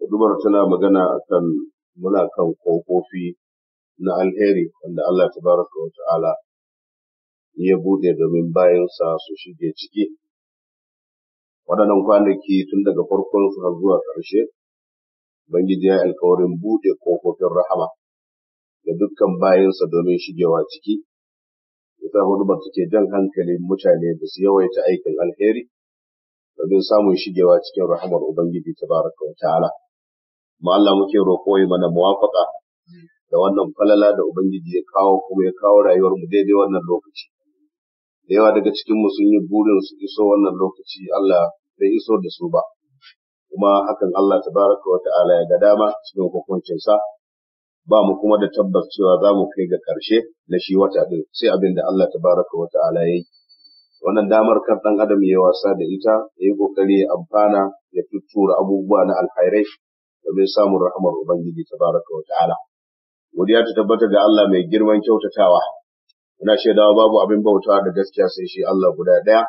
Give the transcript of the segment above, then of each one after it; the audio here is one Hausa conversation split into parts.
Hudubar tana magana akan muna kan ƙofofi na alheri wanda Allah Ta baraka wa ta'ala ya buɗe domin bayansa su shige ciki. Waɗannan kwanaki tun daga farkon su har zuwa ƙarshe, Ubangiji ya alkawarin buɗe ƙofofin rahama da dukkan bayansa domin shigewa ciki. Ita hudubar take jan hankalin mutane da su yawaita aikin alheri domin samun shigewa cikin rahamar Ubangiji baraka wa ta'ala. Ma Allah muke roƙo yi mana muwafaka da wannan falala da Ubangiji ya kawo kuma ya kawo rayuwar mu daidai wannan lokaci. Da yawa daga cikin mu sun yi burin su iso wannan lokaci Allah bai iso da su ba. Kuma hakan Allah tabaraka wa ta'ala ya ga dama cikin sa. ba mu kuma da tabbas cewa za mu kai ga ƙarshe na shi wata ɗin sai abin da Allah tabaraka wa ta'ala ya yi. wannan damar kan ɗan adam ya wasa da ita ya yi ƙoƙari ya amfana ya tuttura abubuwa na alkhairai domin samun rahmar ubangiji tabaraka wa ta'ala godiya ta tabbata ga Allah mai girman kyautatawa muna shaidawa babu abin bautawa da gaskiya sai shi Allah guda daya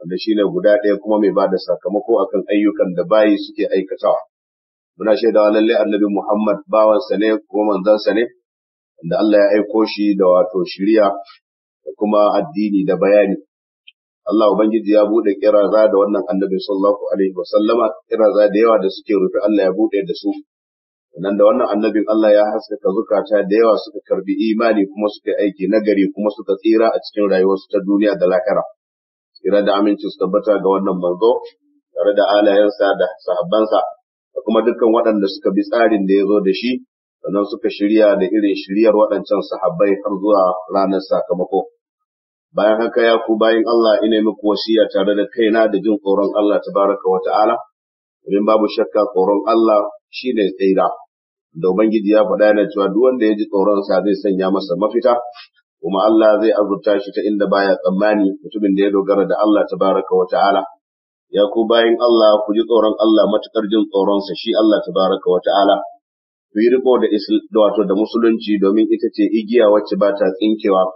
wanda shine guda ɗaya kuma mai bada sakamako akan ayyukan da bayi suke aikatawa muna shaidawa lalle annabi Muhammad bawan sa ne manzon sa ne wanda Allah ya aiko shi da wato shiriya da kuma addini da bayani Allah Ubangiji ya buɗe kiraza da wannan annabi sallallahu alaihi wasallama kiraza da yawa da suke rufe Allah ya buɗe da su nan da wannan annabin Allah ya haskaka zukata da yawa suka karbi imani kuma suka aiki nagari kuma suka tsira a cikin rayuwarsu ta duniya da lakara tsira da aminci su tabbata ga wannan manzo tare da alayensa da sahabbansa da kuma dukkan waɗanda suka bi tsarin da ya zo da shi sannan suka shirya da irin shiryar waɗancan sahabbai har zuwa ranar sakamako bayan haka ya ku bayan Allah ina muku wasiya tare da kaina da jin tsoron Allah tabaraka wa ta'ala idan babu shakka tsoron Allah shine tsira da ubangiji ya faɗa yana cewa duk wanda ya ji tsoron sa zai sanya masa mafita kuma Allah zai azurta shi ta inda baya tsammani mutumin da ya dogara da Allah tabaraka wa ta'ala ya ku bayan Allah ku ji tsoron Allah matukar jin tsoron sa shi Allah tabaraka wa ta'ala ku yi riko da wato da musulunci domin ita ce igiya wacce ba ta tsinkewa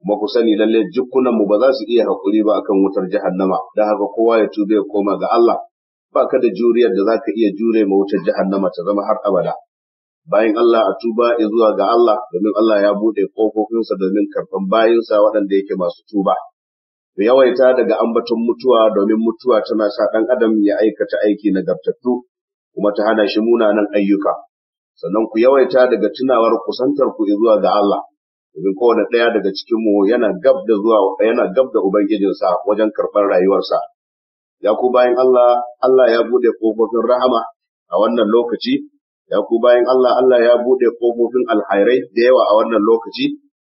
kuma ku sani lalle jukkunan mu ba za su iya hakuri ba akan wutar jahannama dan haka kowa ya tube ya koma ga Allah ba ka da juriyar da zaka iya jure ma wutar jahannama ta zama har abada bayan Allah a tuba zuwa ga Allah domin Allah ya bude kofofinsa domin karban bayinsa waɗanda yake masu tuba Ku yawaita daga ambaton mutuwa domin mutuwa tana sa ɗan adam ya aikata aiki na gabtattu, kuma ta hana shi munanan ayyuka sannan ku yawaita daga tunawar kusantar ku zuwa ga Allah domin kowane ɗaya daga cikinmu yana gab da zuwa yana gab da ubangijinsa wajen karɓar rayuwarsa ya ku bayan Allah Allah ya buɗe ƙofofin rahama a wannan lokaci ya ku bayan Allah Allah ya buɗe ƙofofin alhairai da yawa a wannan lokaci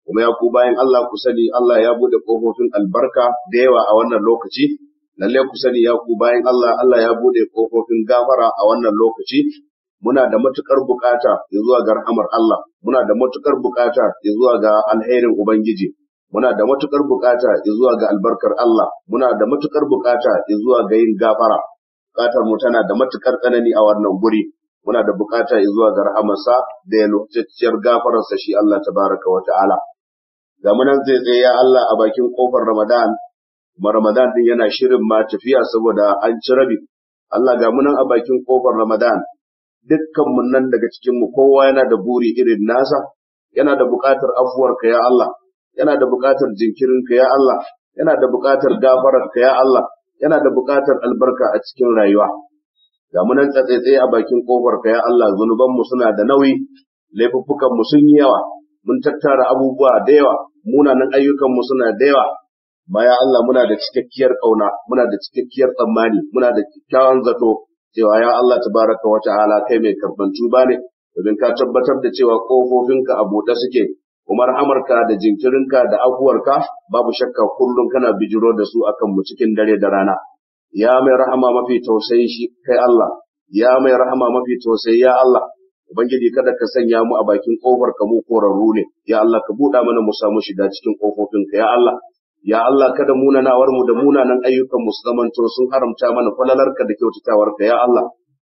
kuma ya ku bayan Allah ku sani Allah ya buɗe ƙofofin albarka da yawa a wannan lokaci lalle ku sani ya ku bayan Allah Allah ya buɗe ƙofofin gafara a wannan lokaci muna da matukar bukata zuwa ga rahamar Allah muna da matukar bukata zuwa ga alherin ubangiji muna da matukar bukata zuwa ga albarkar Allah muna da matukar bukata zuwa ga yin gafara bukatar mu tana da matukar tsanani a wannan guri muna da bukata zuwa ga rahamarsa da yalwatacciyar gafararsa shi Allah tabaraka wa ta'ala ga munan zai tsaye ya Allah a bakin kofar Ramadan ma Ramadan din yana shirin ma tafiya saboda an ci rabi Allah ga munan a bakin kofar Ramadan Dukkanmu nan daga cikin mu kowa yana da buri irin nasa yana da buƙatar afuwarka ya Allah yana da buƙatar jinkirinka ya Allah yana da buƙatar gafararka ya Allah yana da buƙatar albarka a cikin rayuwa ga mu nan tsatsaitsaye a bakin ka ya Allah zunubanmu suna da nauyi laifuffukanmu sun yi yawa mun tattara abubuwa da yawa munanan ayyukanmu suna da yawa ma Allah muna da cikakkiyar ƙauna muna da cikakkiyar tsammani muna da kyakkyawan zato cewa ya Allah tabaraka wa ta'ala kai mai karban tuba ne domin ka tabbatar da cewa kofofinka a buɗe suke kuma rahamarka da jinkirinka da abuwarka, babu shakka kullum kana bijiro da su akan mu cikin dare da rana ya mai rahama mafi tausayi shi kai Allah ya mai rahama mafi tausayi ya Allah ubangiji kada ka sanya mu a bakin kofar ka mu korarru ne ya Allah ka buɗa mana mu samu shiga cikin kofofinka ya Allah ya Allah kada munanawar mu da munanan ayyukan mu su zamanto sun haramta mana kwalalarka da kyautatawarka ya Allah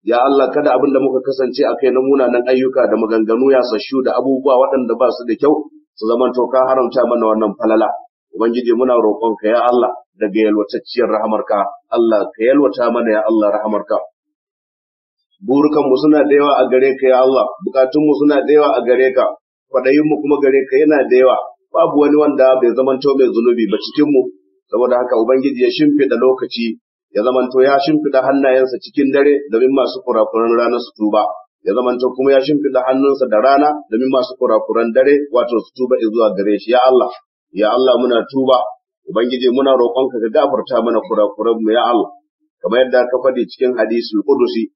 ya Allah kada abin da muka kasance a kai na munanan ayyuka da maganganu ya sashu da abubuwa waɗanda ba su da kyau su zamanto ka haramta mana wannan falala ubangiji muna roƙonka ya Allah daga yalwatacciyar rahamarka Allah ka yalwata mana ya Allah rahamarka burukanmu suna da yawa a gare ka ya Allah bukatunmu suna da yawa a gare ka kwaɗayinmu kuma gare ka yana da yawa babu wani wanda bai zamanto mai zunubi ba cikinmu saboda haka ubangiji ya shimfiɗa lokaci ya zamanto ya shimfiɗa hannayensa cikin dare domin masu kurakuran rana su tuba ya zamanto kuma ya shimfiɗa hannunsa da rana domin masu kurakuran dare wato su tuba zuwa gare shi ya Allah ya Allah muna tuba ubangiji muna roƙonka ka gafarta mana kurakuran mu ya Allah kamar yadda ka faɗi cikin hadisul qudusi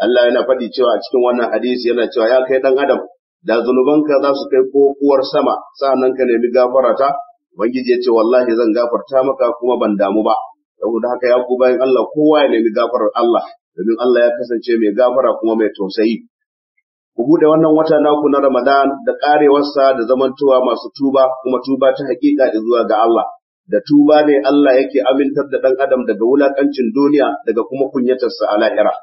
Allah yana faɗi cewa cikin wannan hadisi yana cewa ya kai dan adam da zunubanka za su kai kokuwar sama sa'annan ka nemi gafarata ubangiji ya ce wallahi zan gafarta maka kuma ban damu ba saboda haka ya bayan Allah kowa ya nemi gafarar Allah domin Allah ya kasance mai gafara kuma mai tausayi ku bude wannan wata naku na Ramadan da karewarsa da zamantowa masu tuba kuma tuba ta hakika zuwa ga Allah da tuba ne Allah yake amintar da dan adam daga wulakancin duniya daga kuma kunyatarsa a lahira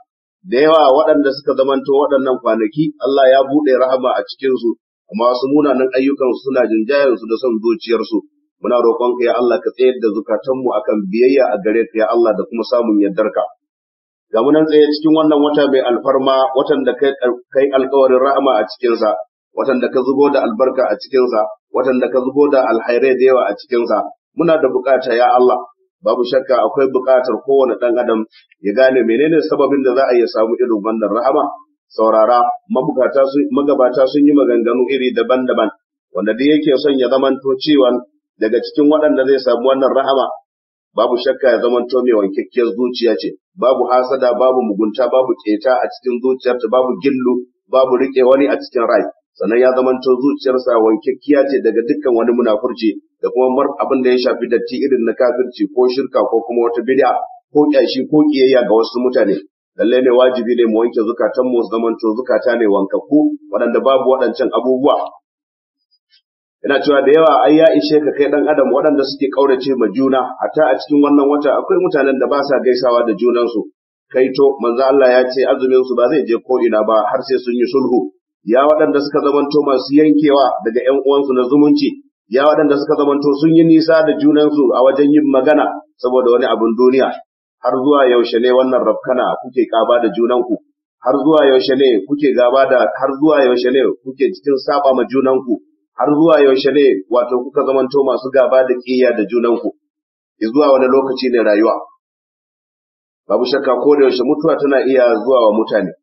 da yawa waɗanda suka zamanto waɗannan kwanaki Allah ya buɗe rahama a cikinsu wasu munanan ayyukansu suna jinjayarsu da son zuciyarsu muna ka ya Allah ka tsayar da zukatanmu akan biyayya a gare ka ya Allah da kuma samun yardarka ga mu nan tsaye cikin wannan wata mai alfarma watan da kai alƙawarin rahama a cikinsa watan da ka zubo da albarka a cikinsa watan da ka zubo da alhairai da yawa a cikinsa muna da bukata ya Allah babu shakka akwai buƙatar kowane ɗan adam ya gane menene sababin da za a iya samu irin wannan rahama saurara magabata sun yi maganganu iri daban-daban wanda da yake son ya to cewa daga cikin waɗanda zai samu wannan rahama babu shakka ya zamanto mai wankakkiyar zuciya ce babu hasada babu mugunta babu keta a cikin zuciyarta babu gillu babu riƙe wani a cikin rai sannan ya zamanto zuciyarsa wankakkiya ce daga dukkan wani munafurci da kuma mar abin da ya shafi datti irin na kafirci ko shirka ko kuma wata bid'a ko kyashi ko kiyayya ga wasu mutane lallai ne wajibi ne mu wanke zukatan mu zamanto zukata ne wankakku waɗanda babu waɗancan abubuwa ina cewa da yawa ai ya ishe ka kai dan adam waɗanda suke kaurace ma juna hatta a cikin wannan wata akwai mutanen da ba sa gaisawa da junansu kai to manzo Allah ya ce azumin su ba zai je ko ina ba har sai sun yi sulhu ya waɗanda suka zamanto masu yankewa daga ‘yan uwansu na zumunci, ya waɗanda suka zamanto sun yi nisa da junansu a wajen yin magana saboda wani abin duniya, har zuwa yaushe ne wannan rafkana kuke ƙaba da junanku, har zuwa yaushe ne kuke gaba da har zuwa yaushe ne kuke cikin saba ma junanku, har zuwa yaushe ne wato kuka zamanto masu gaba da ƙiyya da junanku, zuwa wani lokaci ne rayuwa. Babu shakka ko da yaushe mutuwa tana iya zuwa wa mutane.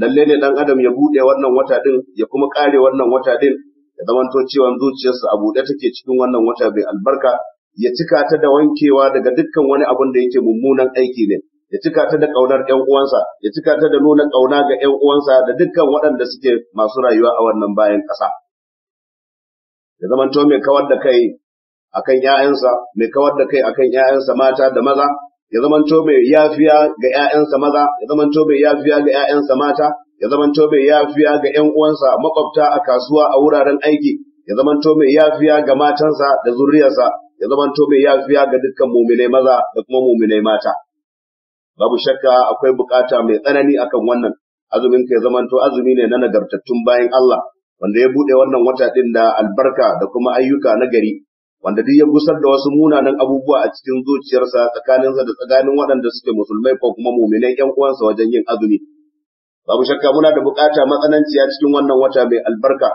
lalle ne dan adam ya bude wannan wata din ya kuma kare wannan wata din ya zamanto cewa zuciyarsa a bude take cikin wannan wata bai albarka ya cika ta da wankewa daga dukkan wani abun da yake mummunan aiki ne ya cika ta da kaunar 'yan uwansa ya cika ta da nuna kauna ga 'yan uwansa da dukkan waɗanda suke masu rayuwa a wannan bayan ƙasa ya zamanto mai kawar da kai akan ƴaƴansa mai kawar da kai akan ƴaƴansa mata da maza ya zamanto mai yafiya ga ‘ya'yansa maza, ya zamanto mai yafiya ga ‘ya'yansa mata, ya zamanto mai yafiya ga ‘yan uwansa makwabta a kasuwa a wuraren aiki, ya zamanto mai yafiya ga matansa da zuriyarsa, ya zamanto mai yafiya ga dukkan muminai maza da kuma muminai mata. Babu shakka akwai bukata mai tsanani akan wannan, azumin ka ya zamanto azumi ne na nagartattun bayan Allah, wanda ya buɗe wannan wata ɗin da albarka da kuma ayyuka na gari, wanda duk ya gusar da wasu munanan abubuwa a cikin zuciyarsa tsakaninsa da tsakanin waɗanda suke musulmai ko kuma muminai ƴan uwansa wajen yin azumi babu shakka muna da bukata matsananciya cikin wannan wata mai albarka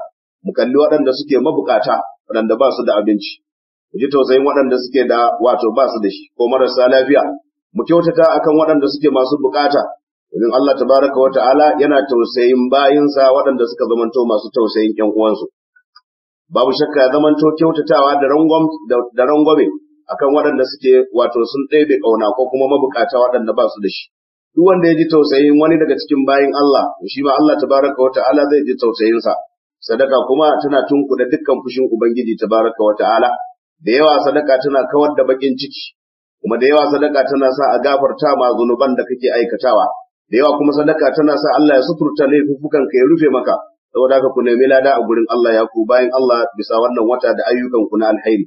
mu kalli waɗanda suke mabukata waɗanda ba su da abinci mu ji tausayin waɗanda suke da wato ba su da shi ko marasa lafiya mu kyautata akan waɗanda suke masu bukata domin Allah tabaraka wa ta'ala yana tausayin bayinsa waɗanda suka zamanto masu tausayin ƴan uwansu babu shakka ya zamanto kyautatawa da rangwam da rangwame akan waɗanda suke wato sun ɗebe ƙauna ko kuma mabukata waɗanda ba su da shi duk wanda ya ji tausayin wani daga cikin bayin Allah shi ma Allah tabaraka wa ta'ala zai ji tausayinsa sadaka kuma tana tunkuda dukkan fushin ubangiji tabaraka wa ta'ala da yawa sadaka tana kawar da bakin ciki kuma da yawa sadaka tana sa a gafarta ma zunuban da kake aikatawa da yawa kuma sadaka tana sa Allah ya suturta laifukan ka ya rufe maka saboda haka ku nemi lada a gurin Allah ya ku bayan Allah bisa wannan wata da ayyukan ku na alheri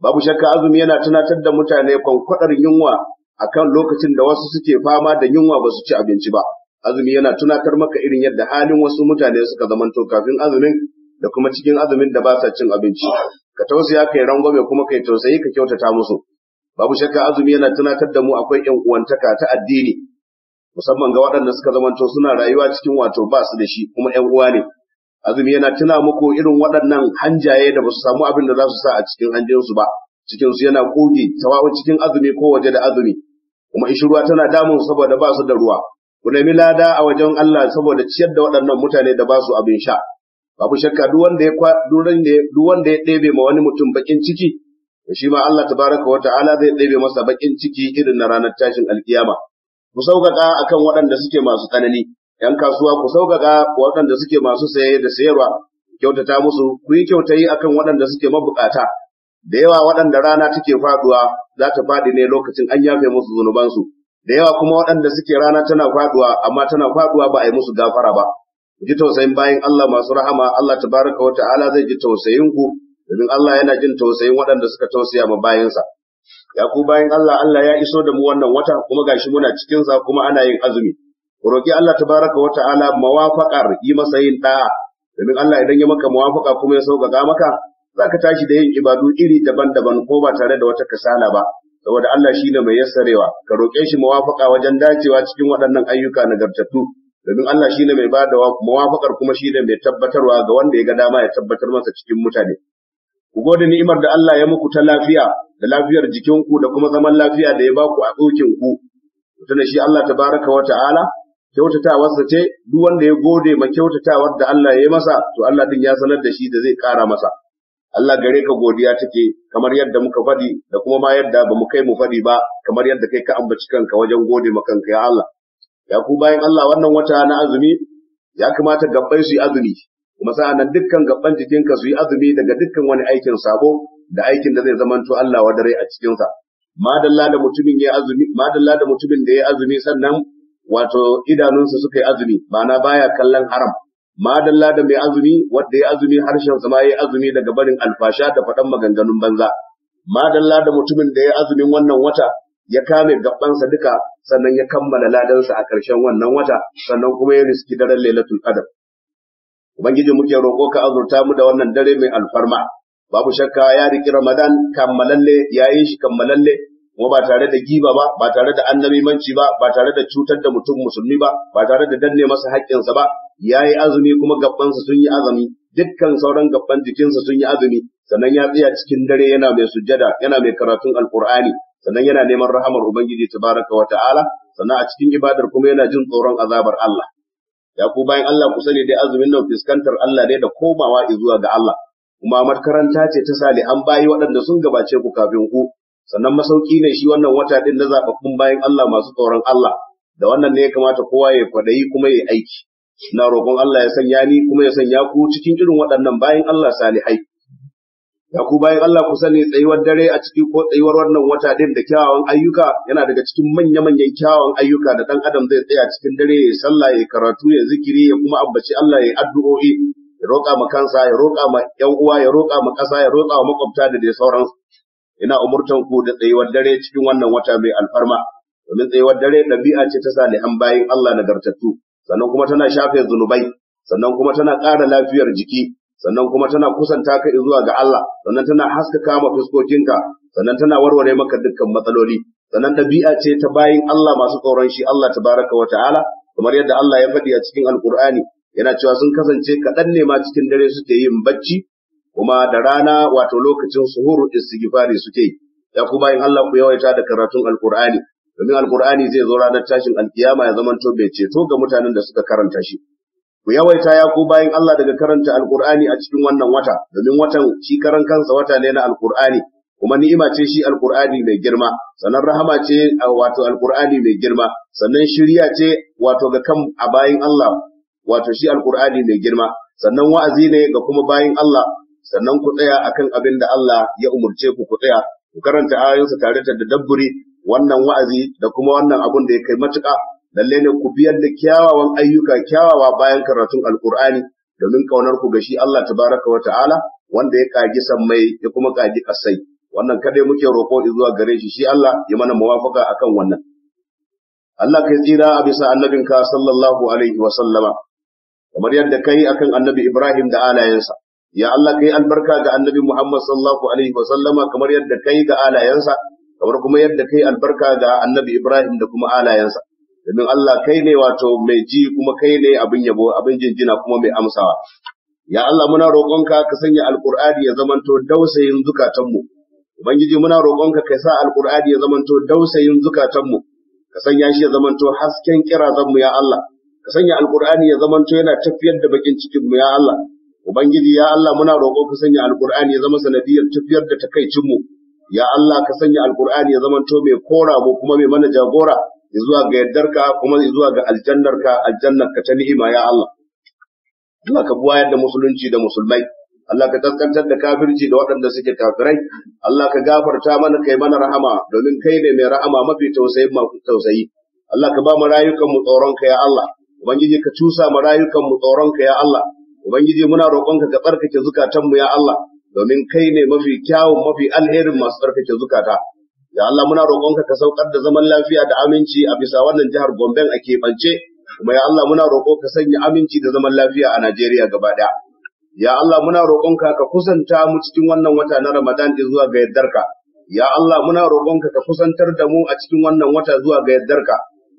babu shakka azumi yana tunatar da mutane kwankwadar yunwa akan lokacin da wasu suke fama da yunwa ba su ci abinci ba azumi yana tunatar maka irin yadda halin wasu mutane suka zamanto kafin azumin da kuma cikin azumin da ba sa cin abinci ka tausaya kai rangwame kuma kai tausayi ka kyautata musu babu shakka azumi yana tunatar da mu akwai yan uwantaka ta addini musamman ga waɗanda suka zamanto suna rayuwa cikin wato ba su da shi kuma ƴan uwa ne azumi yana tuna muku irin waɗannan hanjaye da ba su samu abin da za su sa a cikin hanjinsu ba cikin su yana kogi tawawa cikin azumi ko waje da azumi kuma ruwa tana damun saboda ba su da ruwa ku nemi lada a wajen Allah saboda ciyar da waɗannan mutane da ba su abin sha babu shakka duk wanda ya duk wanda ya ɗebe ma wani mutum bakin ciki shi ma Allah tabaraka wa ta'ala zai ɗebe masa bakin ciki irin na ranar tashin alkiyama ku sauƙaƙa akan waɗanda suke masu tsanani ‘yan kasuwa ku sauƙaƙa waɗanda suke masu saye da sayarwa kyautata musu ku yi kyautayi akan waɗanda suke mabuƙata. da yawa waɗanda rana take faɗuwa za ta faɗi ne lokacin an yafe musu zunubansu da yawa kuma waɗanda suke rana tana faɗuwa amma tana faɗuwa ba a yi musu gafara ba Ku ji tausayin bayan Allah masu rahama Allah tabaraka wa ta'ala zai ji tausayin ku domin Allah yana jin tausayin waɗanda suka tausaya ma bayansa ya ku bayan Allah Allah ya iso da mu wannan wata kuma gashi muna cikin sa kuma ana yin azumi roki Allah tabaraka wa ta'ala mawafaqar yi masa yin ɗa'a. domin Allah idan ya maka mawafaka kuma ya sauƙaƙa maka zaka tashi da yin ibadu iri daban-daban ko ba tare da wata kasala ba saboda Allah shi ne mai yassarewa ka roke shi mawafaka wajen dacewa cikin waɗannan ayyuka nagartattu domin Allah shi ne mai bada mawafakar kuma shi ne mai tabbatarwa ga wanda ya ga dama ya tabbatar masa cikin mutane ku gode ni'imar da Allah ya muku ta lafiya da lafiyar jikinku da kuma zaman lafiya da ya baku a tsokin ku na shi Allah tabaraka wa ta'ala kyautatawar sa ce duk wanda ya gode ma kyautatawar da Allah ya yi masa to Allah din ya sanar da shi da zai kara masa Allah gare ka godiya take kamar yadda muka faɗi da kuma ma yadda ba mu kai mu faɗi ba kamar yadda kai ka ambaci kanka wajen gode ma kanka ya Allah ya ku bayan Allah wannan wata na azumi ya kamata gabbai su yi azumi masana dukkan gaban jikinka su yi azumi daga dukkan wani aikin sabo da aikin da zai zamanto Allah wa dare a cikinsa madalla da mutumin ya azumi madalla da mutumin da ya azumi sannan wato idanunsa suka yi azumi ma'ana baya kallon haram madalla da mai azumi wanda ya azumi harshen sa ma ya azumi daga barin alfasha da faɗan maganganun banza madalla da mutumin da ya azumin wannan wata ya kame gabansa duka sannan ya kammala ladansa a ƙarshen wannan wata sannan kuma ya riski daren lailatul qadr ubangiji muke roƙo ka azurta mu da wannan dare mai alfarma babu shakka ya riki ramadan kammalalle ya yi shi kammalalle kuma ba tare da giba ba ba tare da annabimanci ba ba tare da cutar da mutum musulmi ba ba tare da danne masa haƙƙinsa ba ya yi azumi kuma gabansa sun yi azumi dukkan sauran gaban jikinsa sun yi azumi sannan ya tsaya cikin dare yana mai sujjada yana mai karatun alkur'ani sannan yana neman rahamar ubangiji tabaraka wa ta'ala sannan a cikin ibadar kuma yana jin tsoron azabar Allah ya ku bayan Allah ku sani dai azumin nan fuskantar Allah dai da komawa zuwa ga Allah kuma makaranta ce ta an bayi waɗanda sun gabace ku kafin ku sannan masauki ne shi wannan wata din na zababbun bayan Allah masu tsoron Allah da wannan ne ya kamata kowa ya kwadayi kuma ya aiki na roƙon Allah ya sanya ni kuma ya sanya ku cikin irin waɗannan bayan Allah salihai ya ku bayan Allah ku sani tsayuwar dare a ciki ko tsayuwar wannan wata din da kyawawan ayyuka yana daga cikin manya-manyan kyawawan ayyuka da dan adam zai tsaya cikin dare ya sallah ya karatu ya zikiri ya kuma ambaci Allah ya addu'o'i ya roƙa ma kansa ya roƙa ma ƴan uwa ya roƙa ma ƙasa ya roƙa ma makwabta da dai sauransu ina umurtan ku da tsayuwar dare cikin wannan wata mai alfarma domin tsayuwar dare ɗabi'a ce ta sani, salihan bayin Allah nagartattu sannan kuma tana shafe zunubai sannan kuma tana ƙara lafiyar jiki sannan kuma tana kusanta ka zuwa ga Allah sannan tana haskaka ma fuskokinka sannan tana warware maka dukkan matsaloli sannan dabi'a ce ta bayin Allah masu tsoron shi Allah tabaraka wa ta'ala kamar yadda Allah ya faɗi a cikin alkur'ani yana cewa sun kasance kaɗan ne ma cikin dare suke yin bacci kuma da rana wato lokacin suhuru istighfari suke yi ya ku bayin Allah ku yawaita da karatun alkur'ani domin alkur'ani zai zo ranar tashin alkiyama ya zamanto bai ceto ga mutanen da suka karanta shi ku yawaita ya ku bayan Allah daga karanta Alƙur'ani a cikin wannan wata domin watan shi karan kansa wata ne na alkur'ani kuma ni'ima ce shi Alƙur'ani mai girma sannan rahama ce wato Alƙur'ani mai girma sannan shirya ce wato ga kan a bayan Allah wato shi Alƙur'ani mai girma sannan wa'azi ne ga kuma bayan Allah sannan ku tsaya akan abin da Allah ya umurce ku ku tsaya ku karanta ayoyinsa tare da dabburi wannan wa'azi da kuma wannan abun da ya kai matuƙa lalle ne ku biyar da kyawawan ayyuka kyawawa bayan karatun alkur'ani domin kaunar ku ga shi Allah tabaraka wa ta'ala wanda ya kagi sammai ya kuma kagi kasai wannan kadai muke roƙo zuwa gare shi shi Allah ya mana muwafaka akan wannan Allah kai tsira a bisa annabinka sallallahu alaihi wa sallama kamar yadda kai akan annabi Ibrahim da alayensa ya Allah kai albarka ga annabi Muhammad sallallahu alaihi wa sallama kamar yadda kai ga alayensa kamar kuma yadda kai albarka ga annabi Ibrahim da kuma alayensa domin Allah kai ne wato mai ji kuma kai ne abin yabo abin jinjina kuma mai amsawa ya Allah muna roƙonka ka sanya alqur'ani ya zamanto dausayin zukatanmu ubangiji muna roƙonka ka sa alqur'ani ya zamanto dausayin zukatanmu ka sanya shi ya zamanto hasken kirazanmu ya Allah ka sanya alqur'ani ya zamanto yana tafiyar da bakin cikin mu ya Allah ubangiji ya Allah muna roƙonka ka sanya alqur'ani ya zama sanadiyar tafiyar da takaicin mu ya Allah ka sanya alqur'ani ya zamanto mai kora mu kuma mai mana jagora zuwa ga ka kuma zuwa ga aljannarka aljannarka ta ni'ima ya Allah Allah ka buwayar da musulunci da musulmai Allah ka taskantar da kafirci da waɗanda suke kafirai Allah ka gafarta mana kai mana rahama domin kai ne mai rahama mafi tausayin mafi tausayi Allah ka ba mu rayukan mu tsoron ka ya Allah ubangiji ka cusa mu rayukan mu tsoron ka ya Allah ubangiji muna roƙonka ka ka tsarkake zukatan mu ya Allah domin kai ne mafi kyawun mafi alherin masu tsarkake zukata ya Allah muna roƙonka ka saukar da zaman lafiya da aminci a bisa wannan jihar Gombe a keɓance kuma ya Allah muna roƙo ka sanya aminci da zaman lafiya a Najeriya gaba ɗaya ya Allah muna roƙonka ka kusanta mu cikin wannan wata na Ramadan da zuwa ga yardarka ya Allah muna roƙonka ka kusantar da mu a cikin wannan wata zuwa ga yardarka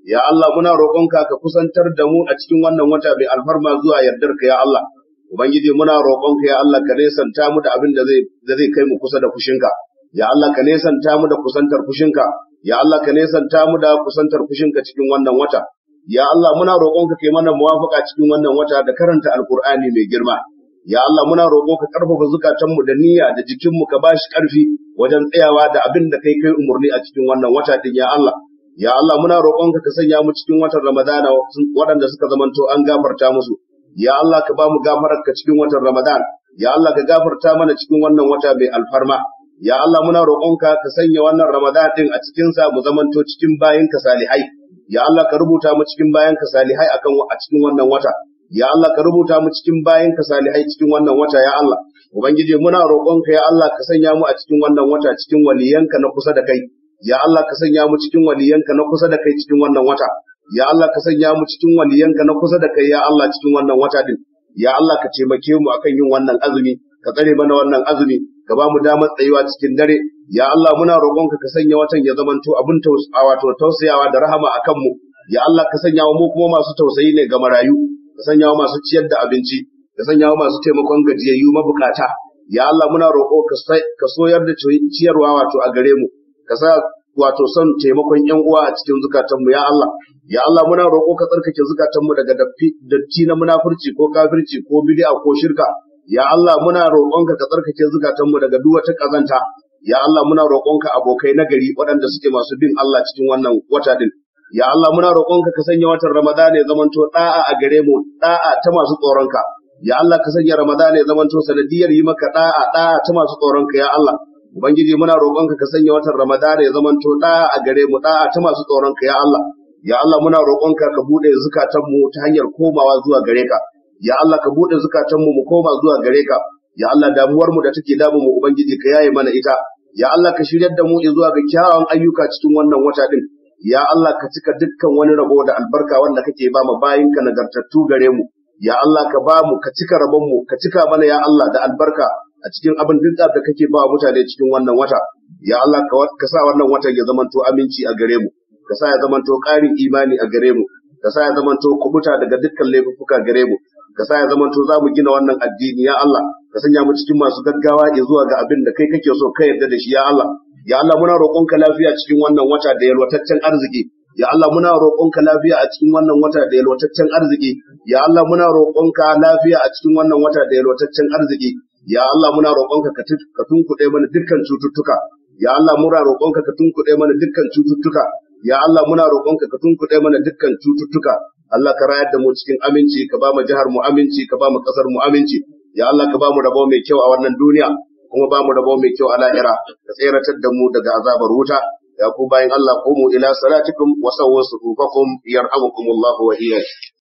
ya Allah muna roƙonka ka kusantar da mu a cikin wannan wata mai alfarma zuwa yardarka ya Allah Ubangiji muna roƙonka ya Allah ka nesanta mu da abin da zai kai mu kusa da fushinka. ya Allah ka nesanta mu da kusantar fushinka ya Allah ka nesanta mu da kusantar fushinka cikin wannan wata ya Allah muna roƙonka kai mana muwafaka cikin wannan wata da karanta alqur'ani mai girma ya Allah muna roƙo ka ƙarfafa mu da niyya da jikinmu ka bashi ƙarfi wajen tsayawa da abin da kai kai umarni a cikin wannan wata din ya Allah ya Allah muna roƙonka ka sanya mu cikin watan Ramadana waɗanda suka zamanto an gafarta musu ya Allah ka ba mu gafararka cikin watan Ramadan ya Allah ka gafarta mana cikin wannan wata mai alfarma ya Allah muna roƙonka ka sanya wannan Ramadan din a cikin sa mu zamanto cikin bayan ka salihai ya Allah ka rubuta mu cikin bayan ka salihai akan a cikin wannan wata ya Allah ka rubuta mu cikin bayan ka salihai cikin wannan wata ya Allah ubangiji muna roƙonka ya Allah ka sanya mu a cikin wannan wata cikin waliyanka na kusa da kai ya Allah ka sanya mu cikin waliyanka na kusa da kai cikin wannan wata ya Allah ka sanya mu cikin waliyanka na kusa da kai ya Allah cikin wannan wata din ya Allah ka taimake mu akan yin wannan azumi ka tsare mana wannan azumi ka ba mu damar tsayuwa cikin dare ya Allah muna roƙonka ka sanya watan ya zamanto abin wato tausayawa da rahama a kanmu ya Allah ka sanya mu kuma masu tausayi ne ga marayu ka sanya masu ciyar da abinci ka sanya masu taimakon gajiyayyu mabukata ya Allah muna roƙo ka soyar da ciyarwa wato a gare mu ka sa wato son taimakon yan uwa a cikin zukatanmu ya Allah ya Allah muna roƙo ka tsarkake zukatanmu daga datti na munafurci ko kafirci ko bid'a ko shirka ya Allah muna roƙonka ka tsarkake zukatanmu daga duk wata kazanta. ya Allah muna roƙonka abokai na gari waɗanda suke masu bin Allah cikin wannan wata din ya Allah muna roƙonka ka sanya watan Ramadan ya zamanto da'a a gare mu da'a ta masu tsoronka ya Allah ka sanya Ramadan ya zamanto sanadiyar yi maka da'a da'a ta masu tsoronka ya Allah ubangiji muna roƙonka ka sanya watan Ramadan ya zamanto da'a a gare mu da'a ta masu tsoronka ya Allah ya Allah muna roƙonka ka buɗe zukatanmu ta hanyar komawa zuwa gare ka ya Allah ka buɗe zukatanmu mu mu koma zuwa gare ka ya Allah damuwar mu da take damu mu ubangiji ka yaye mana ita ya Allah ka shiryar da mu zuwa ga kyawawan ayyuka cikin wannan wata din ya Allah ka cika dukkan wani rabo da albarka wanda kake ba mu ka nagartattu gare mu ya Allah ka ba mu ka cika rabon mu ka cika mana ya Allah da albarka a cikin abin duk da kake ba mutane cikin wannan wata ya Allah ka sa wannan watan ya zamanto aminci a gare mu ka sa ya zamanto ƙarin imani a gare mu ka sa ya zamanto kubuta daga dukkan laifuka gare mu ka sa ya zamanto za mu gina wannan addini ya Allah ka sanya mu cikin masu gaggawa ya zuwa ga abin da kai kake so ka yarda da shi ya Allah ya Allah muna roƙonka lafiya cikin wannan wata da yalwataccen arziki ya Allah muna roƙonka lafiya a cikin wannan wata da yalwataccen arziki ya Allah muna roƙonka lafiya a cikin wannan wata da yalwataccen arziki ya Allah muna roƙonka ka tunkuɗe mana dukkan cututtuka ya Allah muna roƙonka ka tunkuɗe mana dukkan cututtuka ya Allah muna roƙonka ka tunkuɗe mana dukkan cututtuka Allah ka rayar da mu cikin aminci ka ba mu jihar mu aminci ka ba mu kasar mu aminci ya Allah ka ba mu rabo mai kyau a wannan duniya kuma ba mu rabo mai kyau a lahira ka tseratar da mu daga azabar wuta ya ku bayan Allah qumu ila salatikum wa sawwasu yarhamukumullahu wa iyyakum